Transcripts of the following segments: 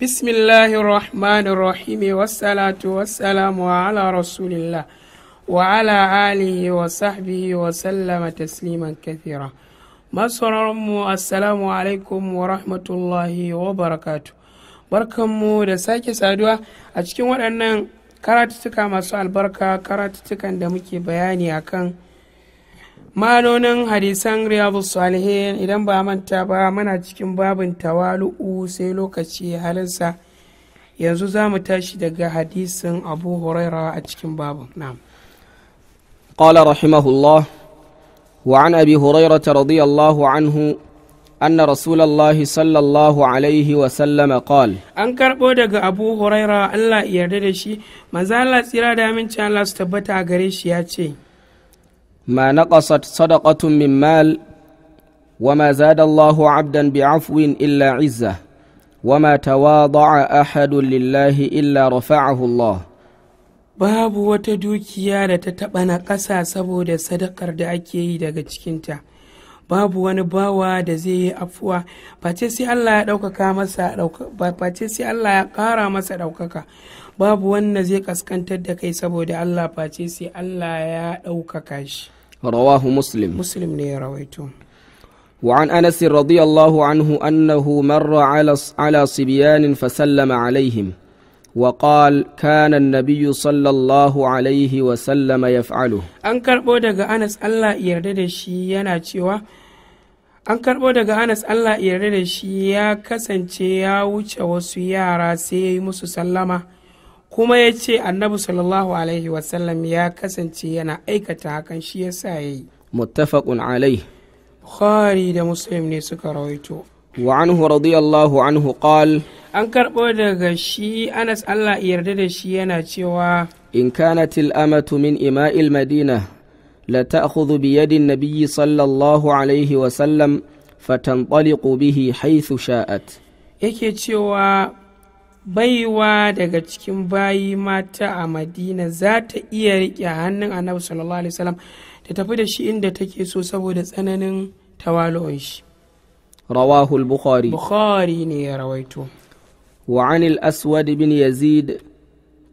بسم الله الرحمن الرحيم ala والسلام على رسول الله وعلى آله وصحبه وسلم تسليما كثيرا masauraronmu assalamu alaikum wa rahmatullahi wa barakatu barkanmu da sake saduwa a cikin waɗannan karatuttuka masu albarka karatuttukan da muke bayani akan ma'anonin hadisan riyabu salihe idan ba manta ba mana cikin babin tawalu'u sai lokaci halinsa yanzu za mu tashi daga hadisan abu huraira a cikin babin nam. ƙala rahimahullah wa an ta radiyar an na rasul sallallahu Alaihi wasallam a ƙal. an karɓo daga abu huraira Allah iya da shi mazala tsira da amince Allah su tabbata gare shi ya ce ما نقصت صدقة من مال وما زاد الله عبدا بعفو إلا عزة وما تواضع أحد لله إلا رفعه الله باب وتدوكي يا da ta taɓa na ƙasa saboda sadakar da ake babu wani bawa da zai yi afuwa face sai Allah ya ɗaukaka masa face sai Allah ya ƙara masa ɗaukaka babu wanda zai kaskantar da kai saboda Allah face sai Allah ya ɗaukaka shi رواه مسلم مسلم ne ya وعن أنس رضي الله عنه أنه مر على على صبيان فسلم عليهم وقال كان النبي صلى الله عليه وسلم يفعله an كربو دغا Anas الله يرد da shi yana cewa an karbo daga Anas Allah yarda da shi ya kasance ya wuce wasu yara sai ya yi musu sallama kuma ya ce annabi sallallahu alaihi wasallam ya kasance yana aikata hakan shi ya sa ya yi muttafaqun alai bukhari da muslim ne suka rawaito wa anhu radiyallahu anhu qal an karɓo daga shi anas allah yarda da shi yana cewa in kanat amatu min ima'il madina la ta'khudhu bi yadi nabiyyi sallallahu alaihi wasallam fatanṭaliqu bihi haythu sha'at yake cewa baiwa daga cikin bayi mata a madina za ta iya riƙe hannun annabi sallallahu alaihi wasallam ta tafi da shi inda take so saboda tsananin tawalu'un shi rawahul bukhari bukhari ne ya rawaito wa anil aswad bin yazid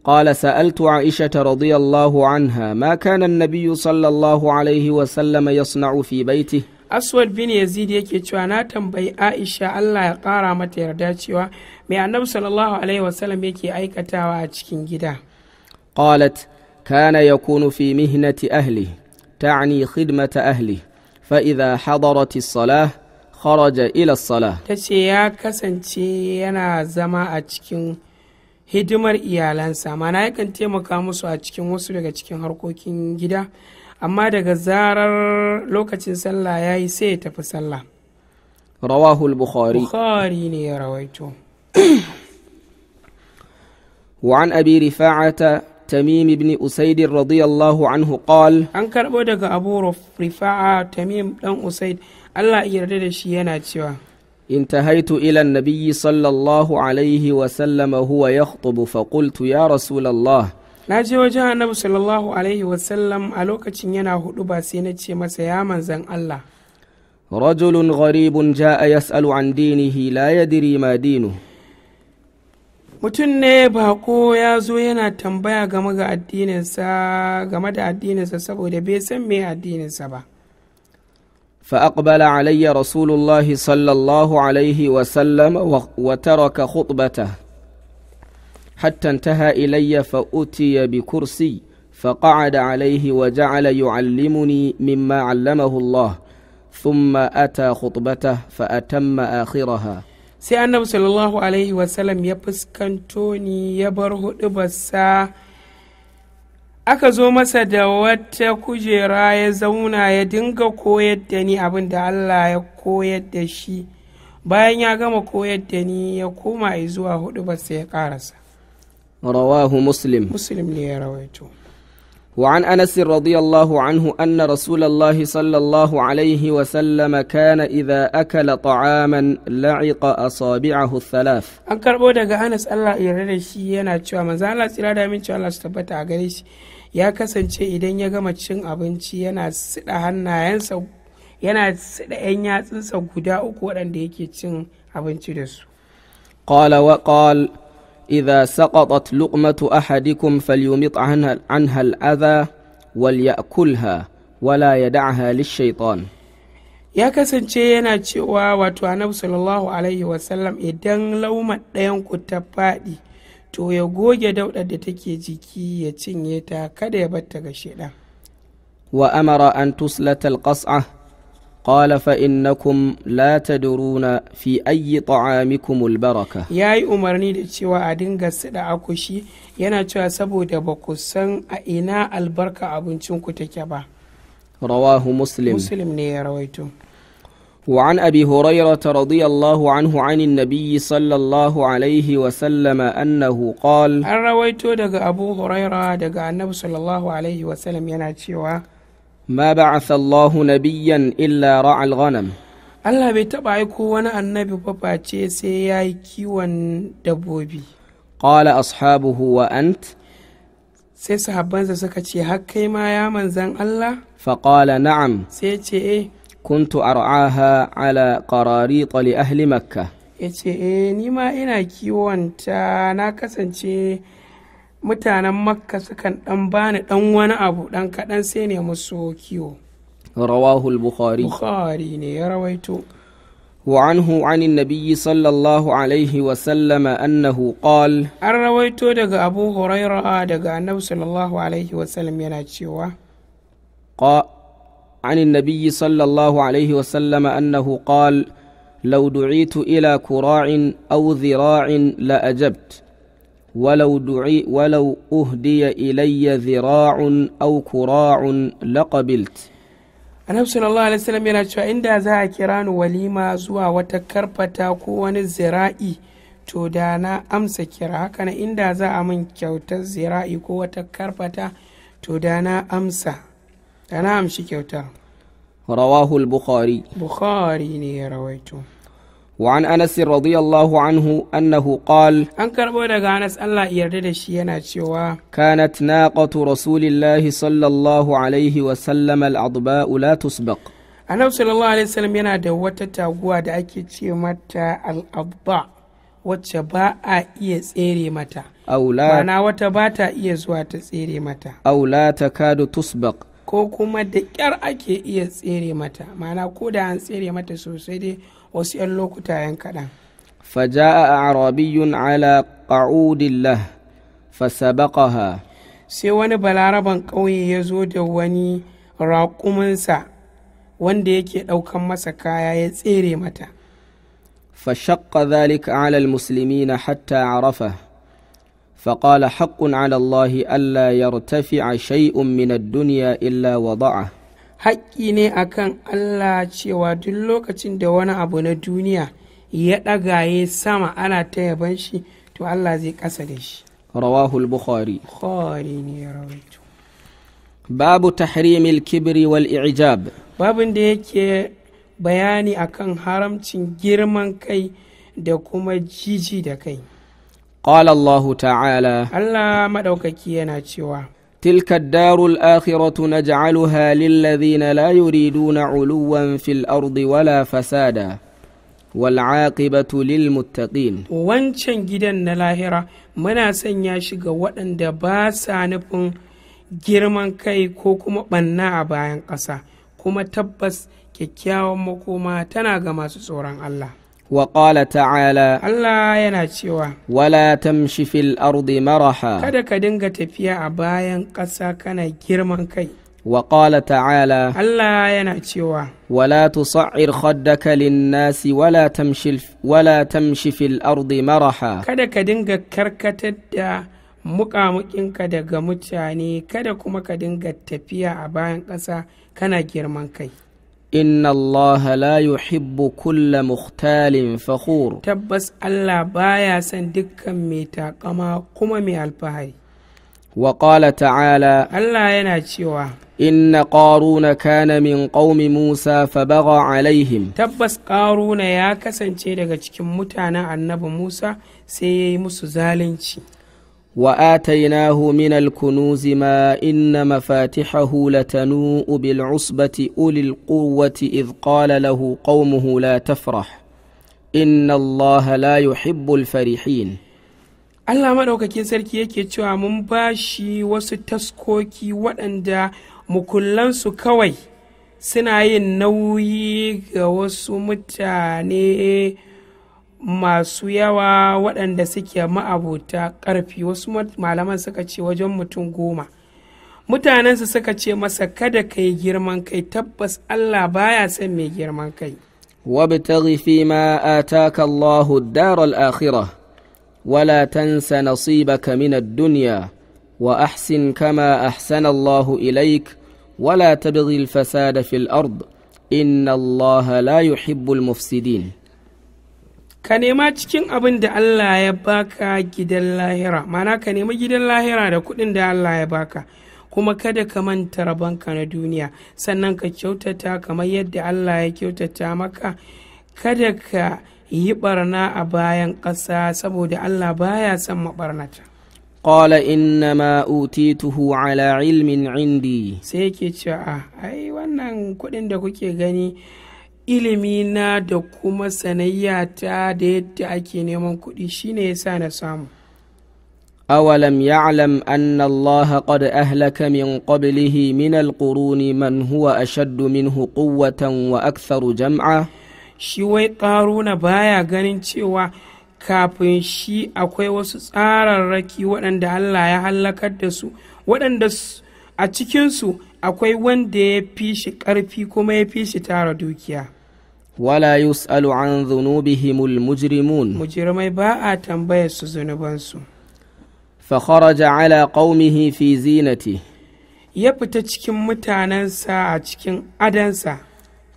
قال سألت عائشة رضي الله عنها ما كان النبي صلى الله عليه وسلم يصنع في بيته aswad bin yazid yake cewa na tambayi aisha allah ya ƙara mata yarda cewa mai annabi sallallahu alaihi wasallam yake aikatawa a cikin gida qalat kana yakunu fi mihnati ahli ta'ni khidmata ahli fa idha hadarat salah kharaja ila salah tace ya kasance yana zama a cikin hidimar iyalansa mana yakan taimaka musu a cikin wasu daga cikin harkokin gida amma daga zarar lokacin sallah ya yi sai ya tafi sallah. Rawahul Bukhari Bukhari ne ya rawaito. Wa’an abi rifa’ata, Tamim ibn Usaidin radiyallahu anhu ƙal. An karɓo daga abu rifa’a, Tamim ɗan Usaid, Allah a yarda da shi yana cewa. In ta haitu ilan Nabiyyu sallallahu Alaihi wasallama huwa ya ƙutubu faƙultu ya Rasulallah. na je wajen annabi sallallahu alaihi wasallam a lokacin yana hudu ba sai na ce masa ya manzan Allah rajulun gharibun ja'a yas'alu an dinihi la yadri ma dinu mutum ne bako ya zo yana tambaya game ga addininsa game da addininsa saboda bai san me addininsa ba فأقبل علي رسول الله صلى الله عليه وسلم وترك خطبته حتى انتهى إلي فأتي بكرسي فقعد عليه وجعل يعلمني مما علمه الله ثم أتى خطبته فأتم آخرها sai annabi صلى الله عليه ya fuskanto ni ya bar hudubarsa aka zo masa da wata kujera ya zauna ya dinga koyar da ni abin da allah ya koyar da shi bayan ya gama koyar da ni ya koma zuwa hudubarsa ya karasa رواه مسلم مسلم ne ya rawaito. أنس رضي الله anna أن رسول الله صلى الله عليه وسلم كان إذا أكل طعاما an karbo daga Anas Allah ya da shi yana cewa manzo Allah tsira da min cewa Allah su tabbata a gare shi ya kasance idan ya gama cin abinci yana siɗa hannayensa yan yatsunsa guda uku waɗanda yake cin abinci dasu. su qala wa qala إذا سقطت لقمة أحدكم فليمط عنها, عنها الأذى وليأكلها wala ya da'aha lishaitan ya kasance yana cewa wato annabi sallallahu alaihi wasallam idan lauma ɗayan ku ta faɗi to ya goge daudar da take jiki ya cinye ta kada ya batta ga shaidan wa amara an tuslata alqas'a قال فإنكم لا تدرون في أي طعامكم البركة ياي أمرني da cewa a أكوشي ينا akushi yana cewa أئنا البركة أبن san تكبا رواه مسلم مسلم ku رويتو وعن أبي هريرة رضي الله عنه عن النبي صلى الله عليه وسلم أنه قال أن رويت دق أبو هريرة دق النبي صلى الله عليه وسلم ينا يناتشيوا ma ba'atha Allahu nabiyyan illa ra'al ghanam Allah bai taba aiko wani annabi ba face sai yayi kiwon dabbobi qala ashabuhu wa ant sai sahabbansa suka ce har kai ma ya manzan Allah faqala na'am sai ce eh kuntu ar'aha ala qararit li ahli makkah ce, eh ni ma ina kiwon ta na kasance mutanen makka sukan dan bani dan wani abu dan kaɗan sai ne musu kiwo rawahu al-bukhari bukhari ne ya rawaito وعنه عن النبي صلى الله عليه وسلم أنه قال الرويت دق أبو هريرة دق النبي صلى الله عليه وسلم يناتشوا قال عن النبي صلى الله عليه وسلم أنه قال لو دعيت إلى كراع أو ذراع لأجبت ولو دعي ولو أهدي إلي ذراع أو كراع لقبلت أنا صلى الله عليه وسلم يلا شو عند ذا كيران وليما زوا وتكربتا كون الزرائي تو دانا أمس كيرا كان عند ذا أمن كوت الزرائي كو وتكربتا تو دانا أمس أنا أمشي كوتا رواه البخاري بخاري ني وعن أنس رضي الله عنه أنه قال أنكر بودك أنس الله يرددش يناتشوا كانت ناقة رسول الله صلى الله عليه وسلم الأضباء لا تسبق أنا صلى الله عليه وسلم ينادى وتتاقوى دعكي تيمتا الأضباء wacce ba a iya tsere mata ma'ana wata ba ta iya zuwa ta tsere mata aula ta kadu tusbaq ko kuma da kyar ake iya tsere mata ma'ana ko da an tsere mata sosai dai wasu 'yan lokuta 'yan kaɗan فجاء ala على قعود له فسبقها sai wani balaraban ƙauye ya zo da wani raƙuminsa wanda yake ɗaukan masa kaya ya tsere mata فشق ذلك على المسلمين حتى عرفه فقال حق على الله ألا يرتفع شيء من الدنيا إلا وضعه haƙƙi ne akan Allah cewa duk lokacin da wani abu na duniya ya ɗagaye sama ana ta yaban shi to Allah zai ƙasa da shi. Rawahul Bukhari. Bukhari ne ya rawaito. Babu tahrimil kibri wal i'jab. Babin da yake bayani akan haramcin girman kai da kuma jiji da kai. Qala Allah ta'ala. Allah maɗaukaki yana cewa. na تلك halin الآخرة نجعلها للذين لا يريدون علوا في الأرض ولا فسادا lil للمتقين wancan gidan na lahira muna sanya shi ga waɗanda ba sa nufin girman kai ko kuma ɓanna a bayan ƙasa kuma tabbas kyakkyawan makoma tana ga masu tsoron Allah wa qala ta'ala Allah yana cewa wala tamshi ardi maraha kada ka dinga tafiya a bayan ƙasa kana girman kai wa qala ta'ala Allah yana cewa wala tusa'ir khaddaka lin-nasi wala tamshi wala tamshi fil ardi maraha kada ka dinga karkatar da muƙamuƙinka daga mutane kada kuma ka dinga tafiya a bayan ƙasa kana girman kai inna allaha la yuhibbu kulla mukhtalin fakhur tabbas allah baya son dukkan mai takama kuma mai alfahari wa qala ta'ala allah yana cewa inna qaruna kana min qaumi musa fa bagha alaihim tabbas ƙaruna ya kasance daga cikin mutanen annabi musa sai yayi musu zalunci واتيناه من الكنوز ما ان مفاتحه لتنوء بالعصبه اولي القوه اذ قال له قومه لا تفرح ان الله لا يحب الفرحين Allah maɗaukakin sarki yake cewa mun ba shi wasu taskoki waɗanda mukullansu kawai suna yin nauyi ga wasu mutane masu yawa waɗanda suke ma'abota ƙarfi wasu malaman suka ce wajen mutum goma mutanensa suka ce masa kada ka yi girman kai tabbas allah baya son mai girman kai وابتغ فيما آتاك الله الدار الآخرة ولا تنس نصيبك من الدنيا وأحسن كما أحسن الله إليك ولا تبغ الفساد في الأرض إن الله لا يحب المفسدين ka nema cikin abin da Allah ya baka gidan lahira mana ka nema gidan lahira da kuɗin da Allah ya baka kuma kada ka manta rabanka na duniya sannan ka kyautata kamar yadda Allah ya kyautata maka kada ka yi barna a bayan ƙasa saboda Allah baya son maɓarnata. Ƙwala inna ma utituhu ala ilmin indi. Sai yake cewa ai wannan kuɗin da kuke gani ilimi na da kuma sanayyata da yadda ake neman kuɗi shine yasa na samu awalam ya'lam anna Allah qad ahlaka min qablihi min alquruni man huwa ashaddu minhu quwwatan wa aksaru jam'a shi wai na baya ganin cewa kafin shi akwai wasu tsararraki waɗanda Allah ya hallakar da su waɗanda su a cikinsu akwai wanda ya fi shi ƙarfi kuma ya fi shi tara dukiya wala yus'alu an dhunubihimul mujrimun Mujirmai ba a tambayar su zunubansu fa ala qaumihi fi zinati ya fita cikin mutanensa a cikin adansa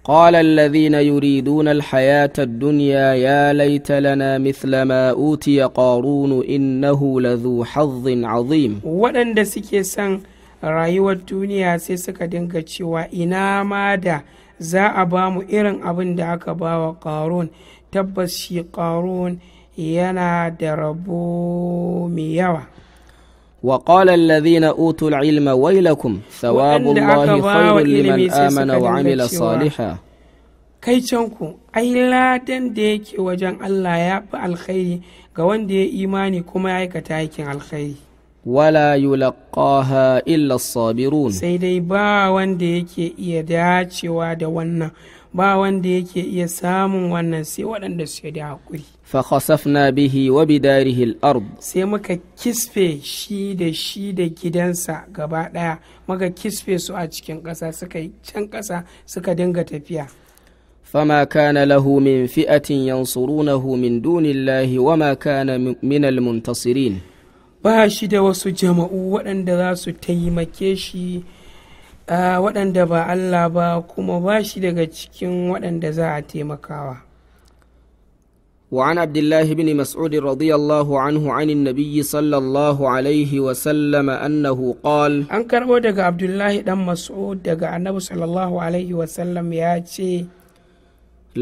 قال الذين يريدون الحياة الدنيا يا ليت لنا مثل ما أوتي قارون إنه لذو حظ عظيم Waɗanda suke san. rayuwar duniya sai suka dinga cewa ina ma da za a ba mu irin abin da aka ba wa ƙarun tabbas shi ƙarun yana da rabo mai yawa وقال الذين أوتوا العلم ويلكم ثواب الله خير لمن آمن وعمل صالحا kai canku ai ladan da yake wajen Allah ya fi alkhairi ga wanda ya imani kuma ya aikata aikin alkhairi wala yulaqaha illa sabirun sai dai ba wanda yake iya dacewa da wannan ba wanda yake iya samun wannan sai waɗanda su da hakuri fa khasafna bihi wa bidarihi al-ard sai muka kisfe shi da shi da gidansa gaba ɗaya muka kisfe su a cikin ƙasa suka yi can ƙasa suka dinga tafiya فما كان له من فئة ينصرونه من دون الله وما كان من المنتصرين ba shi da wasu jama'u waɗanda za su taimake shi waɗanda ba Allah ba kuma ba shi daga cikin waɗanda za a taimakawa. وعن عبد الله بن مسعود رضي الله عنه عن النبي صلى الله عليه وسلم أنه قال أنكر ودق عبد الله بن مسعود دق النبي صلى الله عليه وسلم ياتي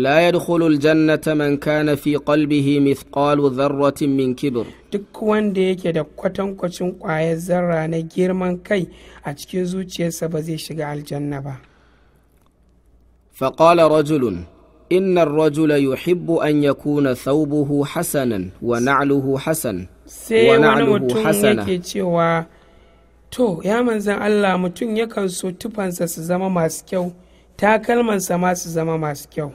ya يدخل jannata من كان fi قلبه مثقال ذرة min kibir. duk wanda yake da kwatankwacin ƙwayar zarra na girman kai a cikin zuciyarsa ba zai shiga aljanna ba faƙala rajulun inna rajula yuhibbu an yakuna thawbuhu hasanan wa na'luhu hasan sai wani mutum yake cewa to ya manzan Allah mutum yakan so tufansa su zama masu kyau takalmansa ma su zama masu kyau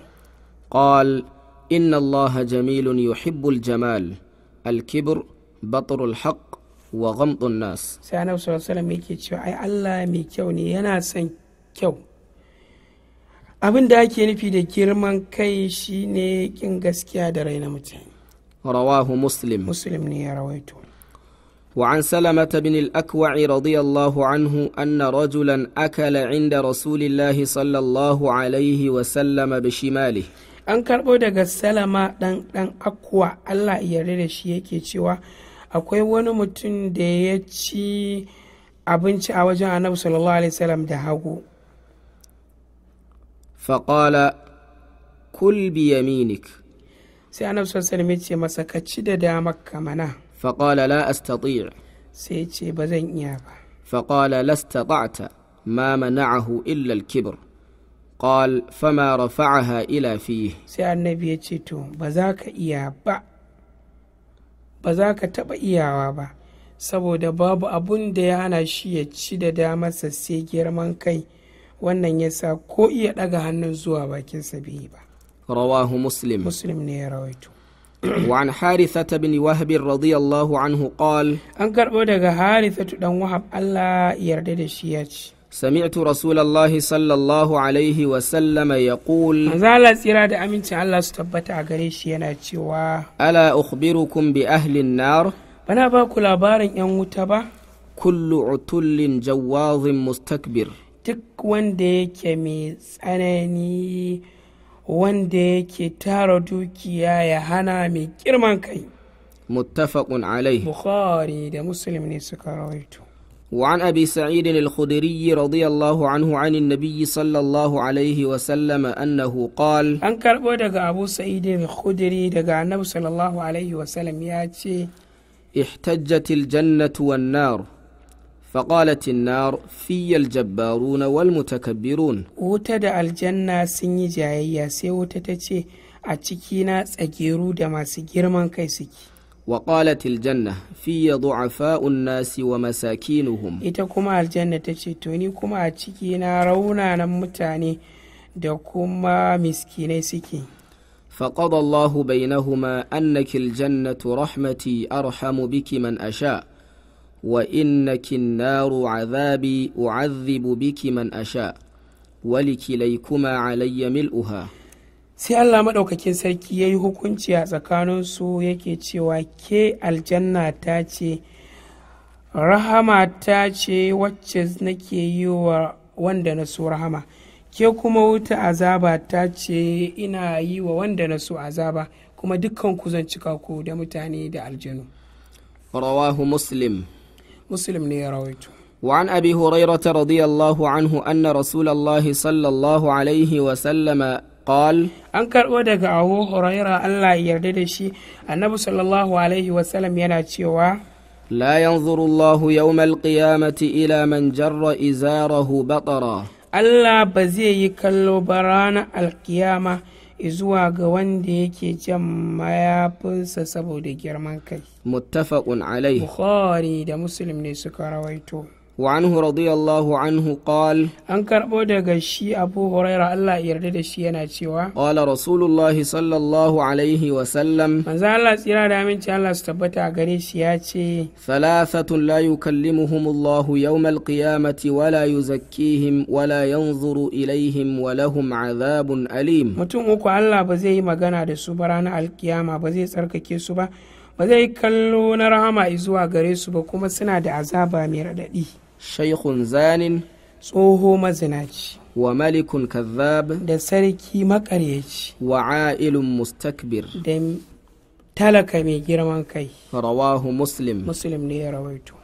قال ان الله جميل يحب الجمال الكبر بطر الحق وغمط الناس سيدنا صلى الله عليه وسلم يكي اي الله مي كيو كيو ابين دا نفي دا جيرمان كاي شي ني كين غاسكيا دا متين رواه مسلم مسلم ني رويته وعن سلمة بن الأكوع رضي الله عنه أن رجلا أكل عند رسول الله صلى الله عليه وسلم بشماله an karɓo daga salama ɗan ɗan akwa allah yarda da shi yake cewa akwai wani mutum da ya ci abinci a wajen annabi sallallahu alaihi wasallam da hagu faƙala kul bi yaminik sai annabi sallallahu alaihi wasallam ya ce masa ci da dama kamana faƙala la astati' sai ce ba zan iya ba faƙala la ma mana'ahu illa al-kibr qal fama rafa'aha ila fiye. sai annabi ya ce to ba za ka iya ba ba za ka taɓa iyawa ba saboda babu abun da ya hana shi ya ci da damarsa sai girman kai wannan ya sa ko iya ɗaga hannun zuwa bakinsa bai ba rawahu muslim muslim ne ya rawaito radiyallahu anhu بن An karɓo daga عنه قال أنكر بودك حارثة yarda da shi ya الشياتي سمعت رسول الله صلى الله عليه وسلم يقول زال سيرا دا أمين الله ستبتع غريش يناتشوا ألا أخبركم بأهل النار أنا باكو لابارن ينوتبا كل عتل جواظ مستكبر تك wanda yake mai tsanani wanda yake tara dukiya ya hana mai girman kai muttafaqun alai bukhari da muslim ne suka rawaito وعن أبي سعيد الخدري رضي الله عنه عن النبي صلى الله عليه وسلم أنه قال أن كربو دقى أبو سعيد الخدري دقى النبي صلى الله عليه وسلم ياتي احتجت الجنة والنار فقالت النار في الجبارون والمتكبرون وتدى الجنة سنجايا سيوتتتي أتكينا سجيرو دما سجيرمان كيسكي وقالت الجنة في ضعفاء الناس ومساكينهم إتكما الجنة تشتوني كما ce رونا نمتاني دكما a سكي فقضى الله بينهما أنك الجنة رحمتي أرحم بك من أشاء وإنك النار عذابي أعذب بك من أشاء ولكليكما علي ملؤها sai allah maɗaukakin sarki ya yi hukunci a tsakaninsu yake cewa ke aljanna ta ce rahama ta ce wacce nake yi wa wanda na so rahama ke kuma wuta azaba ta ce ina yi wa wanda na so azaba kuma dukkan ku zan cika ku da mutane da aljanu rawahu muslim muslim ne ya rawaito وعن أبي هريرة رضي الله عنه أن رسول الله صلى الله عليه وسلم قال an karɓo daga abu huraira allah ya yarda da shi annabi sallallahu alaihi wasallam yana cewa لا ينظر الله يوم القيامة إلى Allah ba zai yi kallo ba يكلو برانا القيامة izuwa ga wanda yake jan mayafinsa saboda girman kai muttafaqun alai bukhari da muslim ne suka rawaito وعنه رضي الله عنه قال أن كربو شي أبو هريرة الله يرد شي أنا تشوا قال رسول الله صلى الله عليه وسلم من زال الله سيرا دامن شاء الله استبتا غريش ياتي ثلاثة لا يكلمهم الله يوم القيامة ولا يزكيهم ولا ينظر إليهم ولهم عذاب أليم متوم أكو الله بزي مغانا دسو برانا القيامة بزي سرككي سبا ba zai kallo na rahama zuwa gare su ba kuma suna da azaba mai raɗaɗi shaikhun zanin tsoho mazinaci wa malikun kazzab da sarki makaryaci wa ailun mustakbir da talaka mai girman kai rawahu muslim muslim ne ya rawaito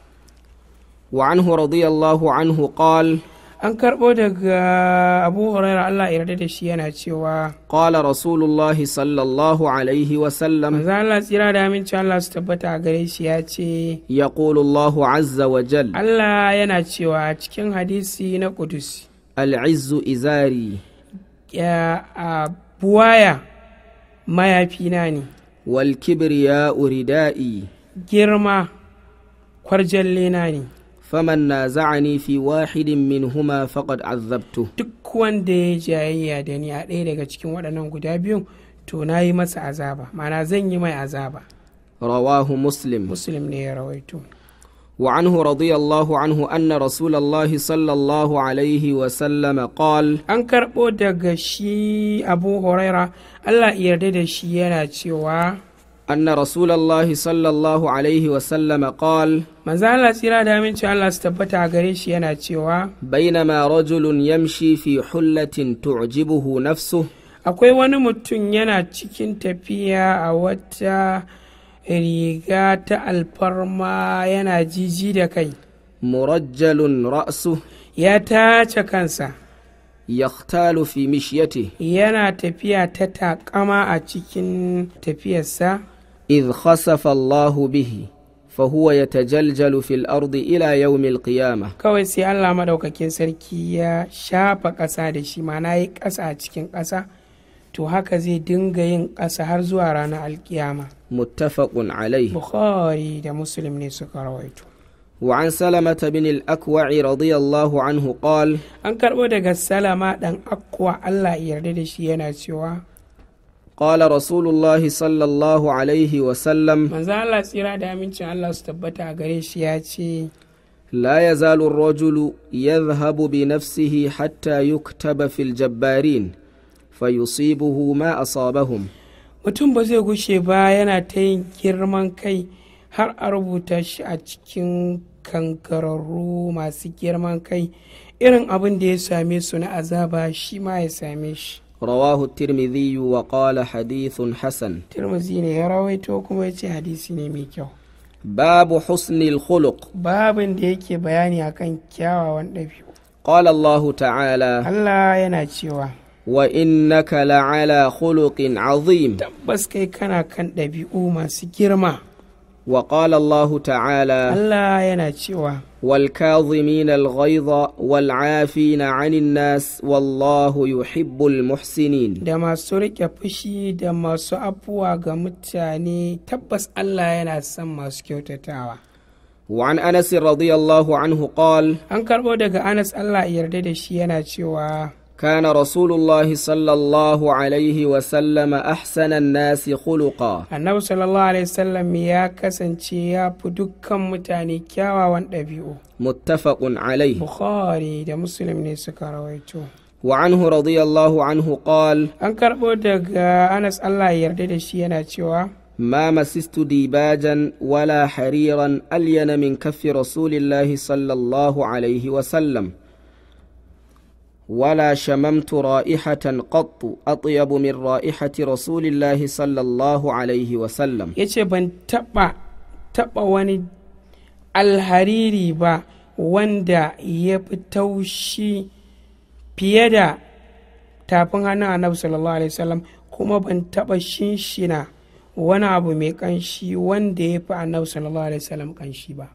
وعنه رضي الله عنه قال an karɓo daga abu huraira allah yarda da shi yana cewa qala rasulullahi sallallahu alaihi wa sallam manzo allah tsira da aminci allah su tabbata a gare shi ya ce yaqulu allah azza wa jal allah yana cewa cikin hadisi na Kudus. al'izzu izari ya buwaya mayafina ne wal kibriya uridai girma kwarjallena ne faman na za'ani fi wahidin min huma faqad azabtu duk wanda ya jayayya da ni a ɗaya daga cikin waɗannan guda biyun to na yi masa azaba mana zan yi mai azaba rawahu muslim muslim ne ya rawaito وعنه رضي الله عنه أن رسول الله صلى An karɓo daga shi shi abu شي allah yarda da shi yana cewa. أن رسول الله صلى الله عليه وسلم قال من زال سيرا دامن شاء الله استبتع قريش يناتشوا بينما رجل يمشي في حلة تعجبه نفسه akwai wani mutum yana cikin tafiya a wata riga ta alfarma yana jiji da kai murajjalun ra'su ya tace kansa yaktalu fi mishyati yana tafiya ta takama a cikin tafiyarsa إذ خسف bihi, به fahuwa ya tajaljalu fil ardi ila yaumil qiyama kawai sai Allah madaukakin sarki ya shafa ƙasa da shi mana yi ƙasa a cikin ƙasa to haka zai dinga yin ƙasa har zuwa ranar alkiyama muttafaqun alaihi bukhari da muslim ne suka rawaito وعن سلمة بن الأكوع رضي الله عنه قال أنكر ودق السلمة دان أقوى الله يرد شيئا سواه Ƙala rasulullahi sallallahu alaihi wa sallam manza Allah tsira da amincin Allah su tabbata a gare shi ya ce la yazalu ar-rajulu yadhhabu bi nafsihi hatta yuktaba fil jabbarin buhu ma sabahun. mutum ba zai gushe ba yana ta yin girman kai har a rubuta shi a cikin kankararru masu girman kai irin abin da ya same su na azaba shi ma ya same shi rawahu tirmidhi wa qala hadithun Hassan. tirmidhi ne ya rawaito kuma ya ce hadisi ne mai kyau babu husnil khuluq babin da yake bayani akan kyawawan ɗabi'u qala allah ta'ala allah yana cewa wa innaka la'ala khuluqin azim tabbas kai kana kan ɗabi'u masu girma wa qala allah ta'ala allah yana cewa والكاظمين الغيظ والعافين عن الناس والله يحب المحسنين da masu rike fushi da masu afuwa ga mutane tabbas Allah yana son masu kyautatawa وعن أنس رضي الله عنه قال أنكر بودك أنس الله يرده شي yana cewa كان رسول الله صلى الله عليه وسلم أحسن الناس خلقا النبي صلى الله عليه وسلم يا كسن يا بدك متاني كيوا وانتبيو متفق عليه بخاري ده مسلم نسك رويته وعنه رضي الله عنه قال أنكر بودك أنس الله يرده شيئا تشوا ما مسست ديباجا ولا حريرا ألين من كف رسول الله صلى الله عليه وسلم ولا شممت رائحة قط أطيب من رائحة رسول الله صلى الله عليه وسلم يتي بان تبا تبا واني الحريري با واندا يبتوشي بيدا tafin hannun annabi sallallahu alaihi kuma ban taɓa shinshina wani abu mai kanshi wanda ya fi annabi sallallahu alaihi kanshi ba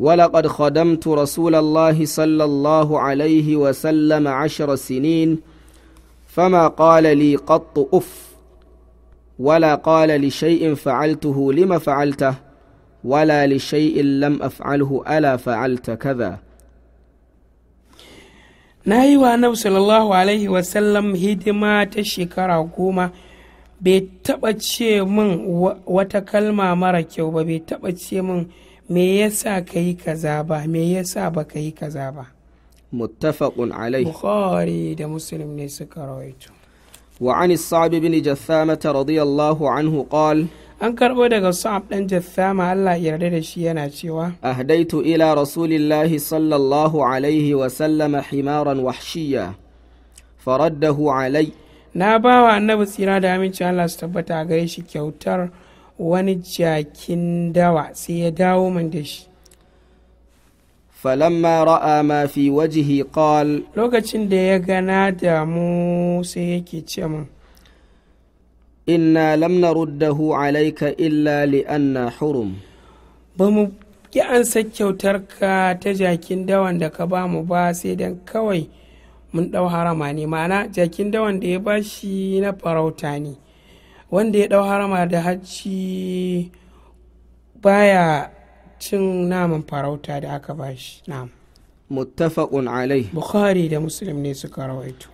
ولقد خدمت رسول الله صلى الله عليه وسلم عشر سنين فما قال لي قط أف ولا قال لشيء فعلته لم فعلته ولا لشيء لم أفعله ألا فعلت كذا na yi wa annabi sallallahu alaihi wasallam hidima ta shekara goma bai taɓa ce min wata kalma mara kyau ba bai taɓa ce min me yasa ka yi kaza ba me yasa ba ka yi kaza ba muttafaqun alai bukhari da muslim ne suka rawaito wa an sa'd bin jathama radiyallahu anhu qal. an karbo daga sa'ab dan jathama Allah yarda da shi yana cewa ahdaitu ila rasulillahi sallallahu alaihi wa sallama himaran wahshiya faraddahu alai na bawa annabi tsira da amincin Allah su tabbata gare shi kyautar wani jakin dawa sai ya dawo man da shi falamma ra'a ma fi wajihi qal lokacin da ya gana damu sai yake ce mu inna lam naruddahu alayka illa li'anna hurum ba mu ki an kyautar ka ta jakin dawan da ka ba mu ba sai dan kawai mun ɗau harama ne ma'ana jakin dawan da ya bashi na farauta ne Wanda ya ɗau harama da hajji baya cin naman farauta da aka ba shi, na. Mu tafa Bukhari da Musulmi ne suka rawaito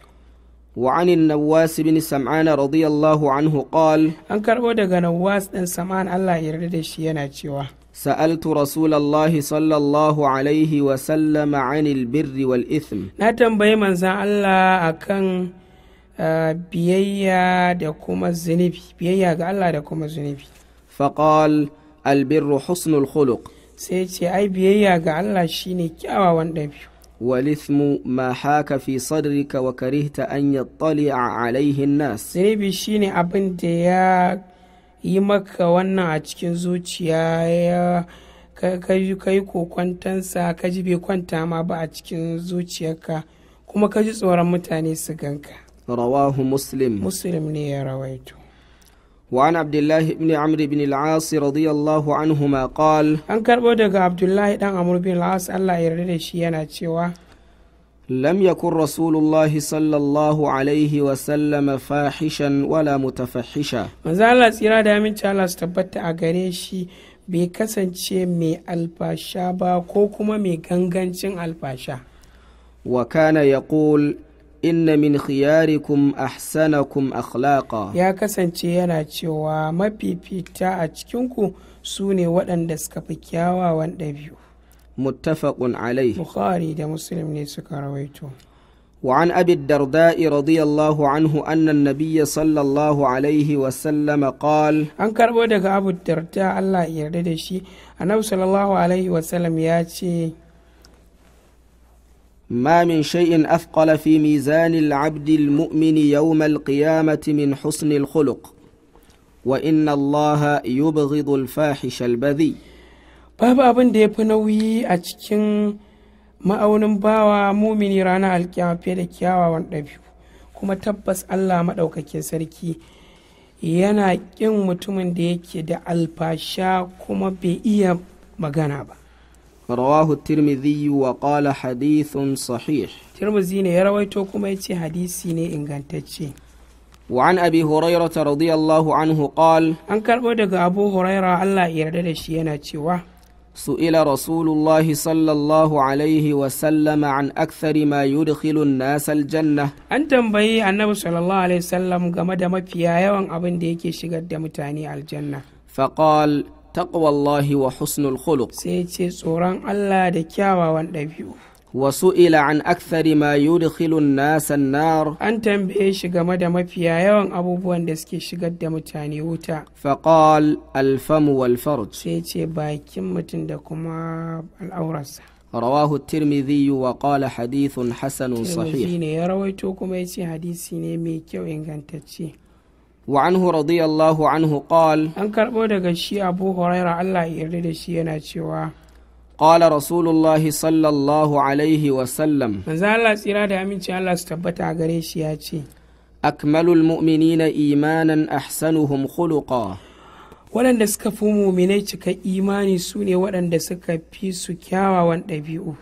Wa canin Nauwasi bin Samcana radiyallahu anhu ƙal. An karɓo daga Nauwasi ɗin saman Allah irada da shi yana cewa. Sa'altu Rasulallah! Sallallahu a. Salam, macanil birri! Wal itti. Na tambayi mansa Allah akan. biyayya da kuma zunubi biyayya ga Allah da kuma zunubi faqal albirru husnul khuluq sai ce ai biyayya ga Allah shine kyawawan ɗabi'u والإثم ما حاك في صدرك وكرهت أن يطلع عليه nas? zunubi shine abin da ya yi maka wannan a cikin zuciya ya kai kokwantansa ka ji bai kwanta ma ba a cikin zuciyarka kuma ka ji tsoron mutane su ganka رواه مسلم مسلم لي رويته وعن عبد الله بن عمرو بن العاص رضي الله عنهما قال an karbo daga abdullahi ɗan amr bin al ya yarda da shi yana cewa لم rasulullahi رسول الله صلى الله عليه وسلم فاحشا ولا متفحشا manzala tsira da aminci Allah su tabbata a gare shi bai kasance mai alfasha ba ko kuma mai gangancin alfasha wakana ya yaqul inna min khiyarikum ahsanakum akhlaqa ya kasance yana cewa mafifita a cikinku su ne waɗanda suka fi kyawawan ɗabi'u muttafaqun alai bukhari da muslim ne suka rawaito وعن أبي الدرداء رضي الله عنه أن النبي صلى الله عليه وسلم قال أن كربو أبو الدرداء الله shi شي sallallahu صلى الله عليه وسلم ياتي Mamin من شيء أثقل Mizanil ميزان العبد المؤمن يوم القيامة من Wa الخلق وإن الله يبغض الفاحش البذي babu abin da ya fi nauyi a cikin ma'aunin bawa mumini ranar alkiyama fiye da kyawawan ɗabi'u kuma tabbas allah maɗaukakin sarki yana ƙin mutumin da yake da alfasha kuma bai iya magana ba rawahu tirmidhi wa kala hadithun sahih tirmidhi ne ya rawaito kuma ya ce hadisi ne ingantacce wa an abi horaira ta raudi an hukal daga abu horaira allah ya da shi yana cewa su ila rasulullahi sallallahu alaihi wa sallama an akthari ma yudhilun nasal janna an tambayi annabi sallallahu alaihi wa sallam game da mafiya yawan abin da yake shigar da mutane aljanna faqal taƙwa wa husnul khuluq sai ce tsoron Allah da kyawawan ɗabi'u. wasu ila an akthari ma yudkhilun nasan nar an tambaye shi game da mafiya yawan abubuwan da suke shigar da mutane wuta faqal al famu wal farj sai ce bakin mutum da kuma al rawahu tirmidhi wa qala hadithun hasanun sahih ne ya rawaito kuma yace hadisi ne mai kyau ingantacce وعنه رضي الله عنه قال أنكر بودك الشيء أبو هريرة الله يرد الشيء ناتشوا قال رسول الله صلى الله عليه وسلم ماذا الله سيرا دا أمين الله استبتع غريش ياتي أكمل المؤمنين إيمانا أحسنهم خلقا waɗanda suka fi muminai cika imani su ne waɗanda suka fi su kyawawan ɗabi'u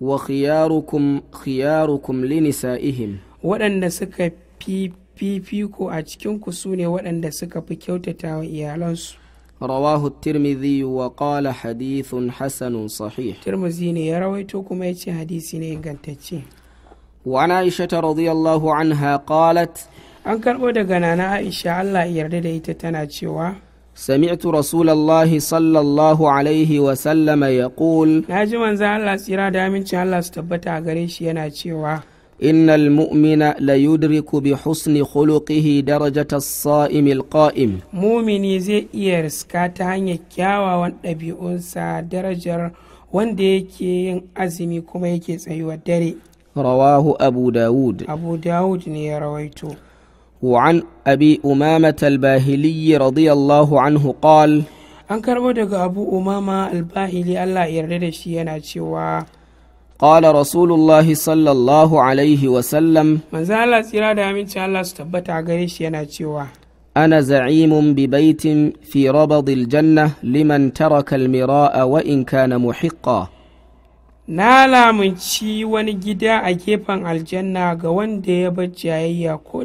wa khiyarukum khiyarukum linisa'ihim waɗanda suka fi fifiko a cikinku su ne waɗanda suka fi kyautatawa iyalansu rawahu tirmidhi wa qala hadithun hasanun sahih tirmidhi ne ya rawaito kuma ya ce hadisi ne ingantacce wa aisha radiyallahu anha qalat an karɓo daga nana aisha Allah yarda da ita tana cewa سمعت رسول الله صلى الله عليه وسلم يقول ناجي من الله سيرا دامن الله ستبتا غريش ينا cewa إن المؤمن ليدرك بحسن خلقه درجة الصائم القائم مؤمن زي يرسكا تهاني كياوا وان أبي أنسى درجة وان ديكي أزمي كما يكي سيوى الدري رواه أبو داود أبو داود ني رويته وعن أبي أمامة الباهلي رضي الله عنه قال أنكر أبو أمامة الباهلي الله ينا شيئا قال رسول الله صلى الله عليه وسلم من زال الله تيرا شاء الله ستبتع غريش ينا تيوا أنا زعيم ببيت في ربض الجنة لمن ترك المراء وإن كان محقا نالا من wani gida a gefen aljanna ga wanda ya bar jayayya ko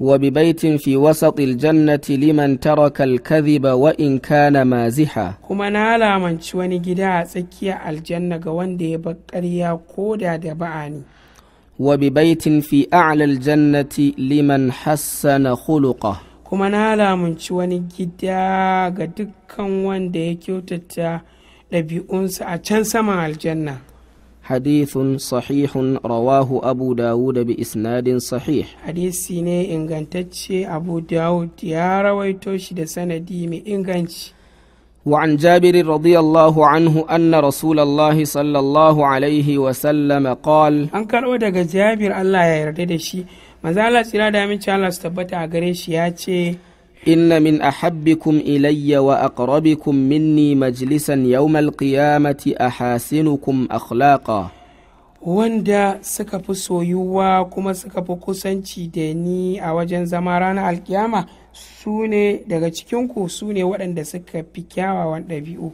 وببيت في وسط الجنة لمن ترك الكذب وإن كان مازحا كما نالا من شواني جدا سكيا الجنة وان دي بكريا كودا دبعاني وببيت في أعلى الجنة لمن حسن خلقه كما نالا من شواني جدا قدقا وان دي كيوتتا لبيئونس أجان مع الجنة حديث صحيح رواه أبو داود بإسناد صحيح حديث سيني إنغانتش أبو داود يا رويتوش دسندي مي إنغانتش وعن جابر رضي الله عنه أن رسول الله صلى الله عليه وسلم قال أنكر ودق جابر الله يرددشي دشي manzo Allah tsira da aminci Allah su tabbata إن من أحبكم إلي وأقربكم مني مجلسا يوم القيامة أحاسنكم أخلاقا wanda suka fi soyuwa kuma suka fi kusanci da ni a wajen zama ranar alkiyama su ne daga cikinku su ne waɗanda suka fi kyawawan ɗabi'u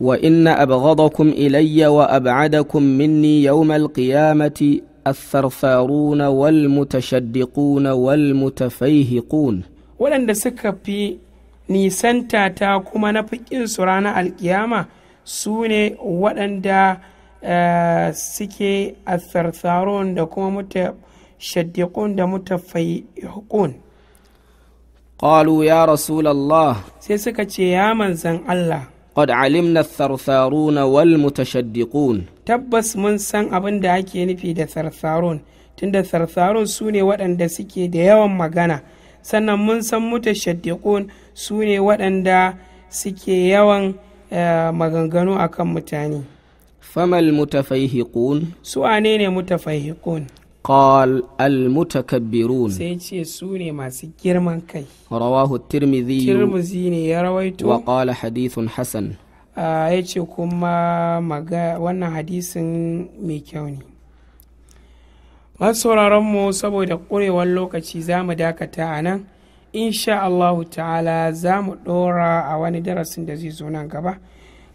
wa inna abghadakum ilayya wa ab'adakum minni yawmal qiyamati الثرثارون والمتشدقون والمتفيهقون waɗanda suka fi nisanta ta kuma na fiƙin su ranar alƙiyama sune waɗanda eh, suke a tsartsaron da kuma muta shaddiƙun da muta fai hukun. ƙalu ya rasulallah. sai suka ce ya manzan Allah ƙad alim na tsartsaro wal muta shaddiƙun tabbas mun san abin da ake nufi da sarsarun, tunda sarsarun su ne waɗanda suke da yawan magana sannan mun san mutashaddiqun su ne waɗanda suke yawan eh, maganganu akan mutane famal mutafaihiqun su wane ne mutafaihiqun قال المتكبرون سيتشي سوني ما سجرمان كي رواه الترمذي الترمذي يرويته وقال حديث حسن آه يتشي كما مغا وانا حديث ميكوني masu mu saboda ƙurewar lokaci za mu dakata a nan insha Allahu ta'ala za mu ɗora a wani darasin da zai zo nan gaba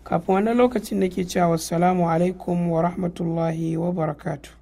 kafin wannan lokacin nake cewa wassalamu alaikum wa rahmatullahi wa barakatu